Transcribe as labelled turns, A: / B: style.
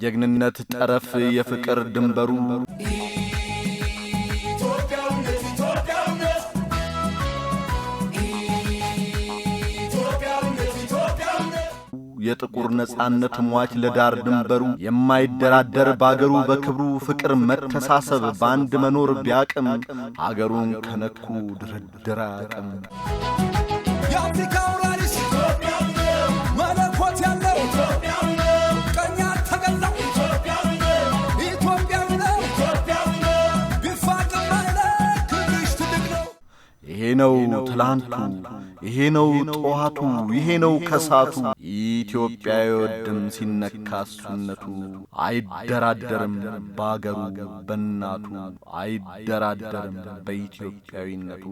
A: የጀግንነት ጠረፍ የፍቅር ድንበሩ የጥቁር ነጻነት ሟች ለዳር ድንበሩ የማይደራደር በአገሩ በክብሩ ፍቅር መተሳሰብ በአንድ መኖር ቢያቅም አገሩን ከነኩ ድርድር አያቅም።
B: ይሄ ነው ትላንቱ፣ ይሄ ነው ጠዋቱ፣ ይሄ ነው ከሳቱ። ኢትዮጵያ የወድም ሲነካ እሱነቱ፣ አይደራደርም በአገሩ በእናቱ አይደራደርም በኢትዮጵያዊነቱ።